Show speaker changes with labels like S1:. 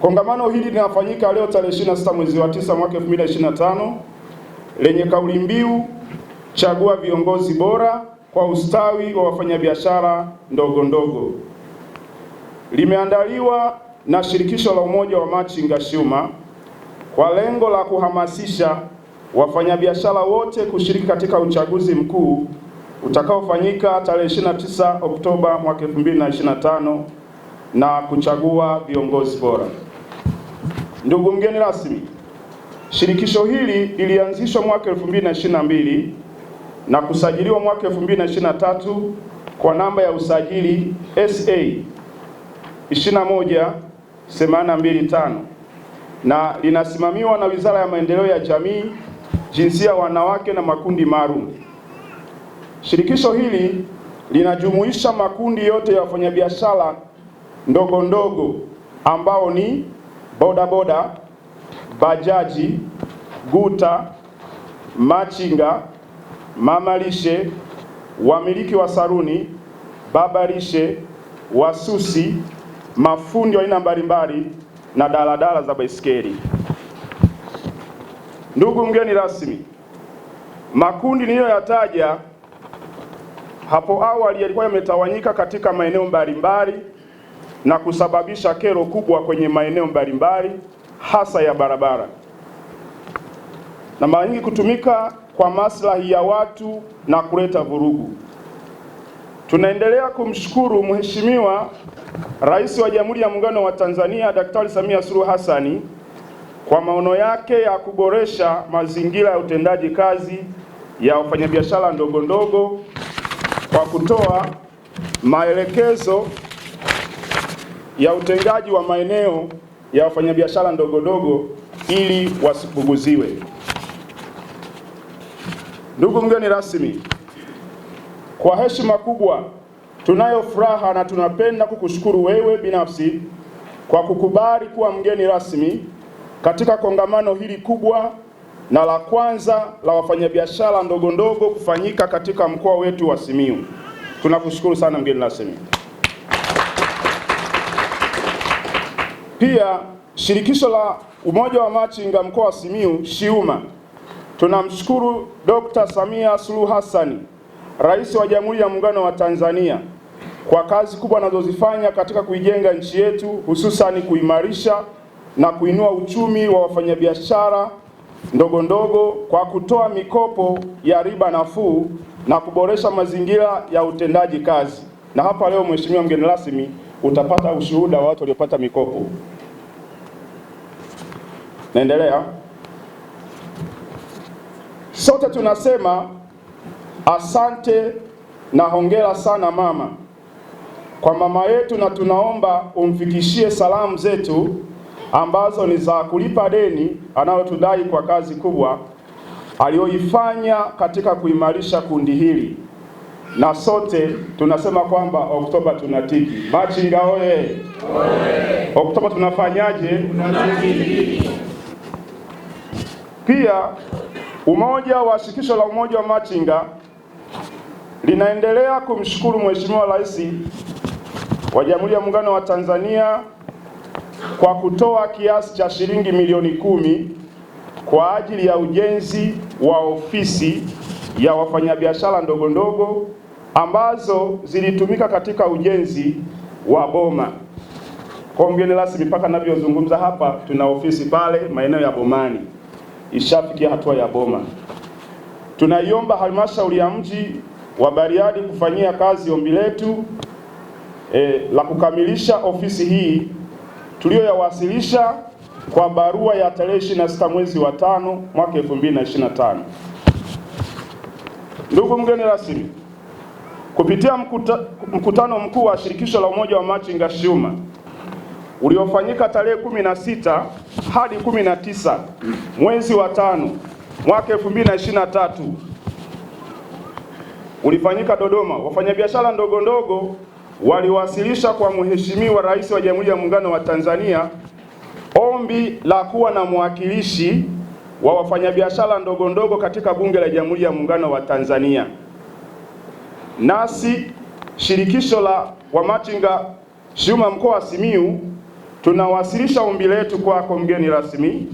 S1: Kongamano hili linafanyika leo tarehe 26 mwezi wa 9 mwaka 2025 lenye kauli mbiu chagua viongozi bora kwa ustawi wa wafanyabiashara ndogo ndogo. Limeandaliwa na shirikisho la umoja wa machinga SHUMA kwa lengo la kuhamasisha wafanyabiashara wote kushiriki katika uchaguzi mkuu utakaofanyika tarehe 29 Oktoba mwaka 2025 na kuchagua viongozi bora. Ndugu mgeni rasmi, shirikisho hili lilianzishwa mwaka 2022 na kusajiliwa mwaka 2023 kwa namba ya usajili SA 21825 na linasimamiwa na Wizara ya Maendeleo ya Jamii, Jinsia, Wanawake na Makundi Maalum. Shirikisho hili linajumuisha makundi yote ya wafanyabiashara ndogo ndogo ambao ni bodaboda, bajaji, guta, machinga, mamalishe, wamiliki wa saruni, babalishe, wasusi, mafundi wa aina mbalimbali na daladala za baisikeli. Ndugu mgeni rasmi, makundi niliyoyataja hapo awali yalikuwa yametawanyika katika maeneo mbalimbali na kusababisha kero kubwa kwenye maeneo mbalimbali hasa ya barabara, na mara nyingi kutumika kwa maslahi ya watu na kuleta vurugu. Tunaendelea kumshukuru Mheshimiwa Rais wa Jamhuri ya Muungano wa Tanzania Daktari Samia Suluhu Hassani kwa maono yake ya kuboresha mazingira ya utendaji kazi ya wafanyabiashara ndogo ndogo kwa kutoa maelekezo ya utengaji wa maeneo ya wafanyabiashara ndogondogo ili wasipunguziwe. Ndugu mgeni rasmi, kwa heshima kubwa tunayo furaha na tunapenda kukushukuru wewe binafsi kwa kukubali kuwa mgeni rasmi katika kongamano hili kubwa na la kwanza la wafanyabiashara ndogondogo kufanyika katika mkoa wetu wa Simiyu. Tunakushukuru sana mgeni rasmi. Pia shirikisho la umoja wa machinga mkoa wa Simiyu SHIUMA, tunamshukuru Dr. Samia Suluhu Hassan, Rais wa Jamhuri ya Muungano wa Tanzania kwa kazi kubwa anazozifanya katika kuijenga nchi yetu, hususani kuimarisha na kuinua uchumi wa wafanyabiashara ndogo ndogo kwa kutoa mikopo ya riba nafuu na kuboresha mazingira ya utendaji kazi. Na hapa leo, Mheshimiwa mgeni rasmi, utapata ushuhuda wa watu waliopata mikopo. Naendelea, sote tunasema asante na hongera sana mama kwa mama yetu, na tunaomba umfikishie salamu zetu ambazo ni za kulipa deni analotudai kwa kazi kubwa aliyoifanya katika kuimarisha kundi hili na sote tunasema kwamba Oktoba tunatiki. Machinga oye! Oktoba tunafanyaje? Pia umoja wa shirikisho la umoja wa machinga linaendelea kumshukuru Mheshimiwa Rais wa Jamhuri ya Muungano wa Tanzania kwa kutoa kiasi cha shilingi milioni kumi kwa ajili ya ujenzi wa ofisi ya wafanyabiashara ndogo ndogo ambazo zilitumika katika ujenzi wa boma. Kwa mgeni rasmi, mpaka navyozungumza hapa, tuna ofisi pale maeneo ya Bomani, ishafikia hatua ya boma. Tunaiomba halmashauri ya mji wa Bariadi kufanyia kazi ombi letu e, la kukamilisha ofisi hii tuliyoyawasilisha kwa barua ya tarehe 26 mwezi wa tano mwaka 2025. Ndugu mgeni rasmi Kupitia mkuta, mkutano mkuu wa shirikisho la umoja wa machinga SHUMA uliofanyika tarehe 16 hadi 19 mwezi wa tano mwaka 2023 ulifanyika Dodoma. Wafanyabiashara ndogo ndogo waliwasilisha kwa Mheshimiwa Rais wa Jamhuri ya Muungano wa Tanzania ombi la kuwa na mwakilishi wa wafanyabiashara ndogo ndogo katika Bunge la Jamhuri ya Muungano wa Tanzania. Nasi shirikisho la wamachinga shuma mkoa wa Simiyu tunawasilisha ombi letu kwako mgeni rasmi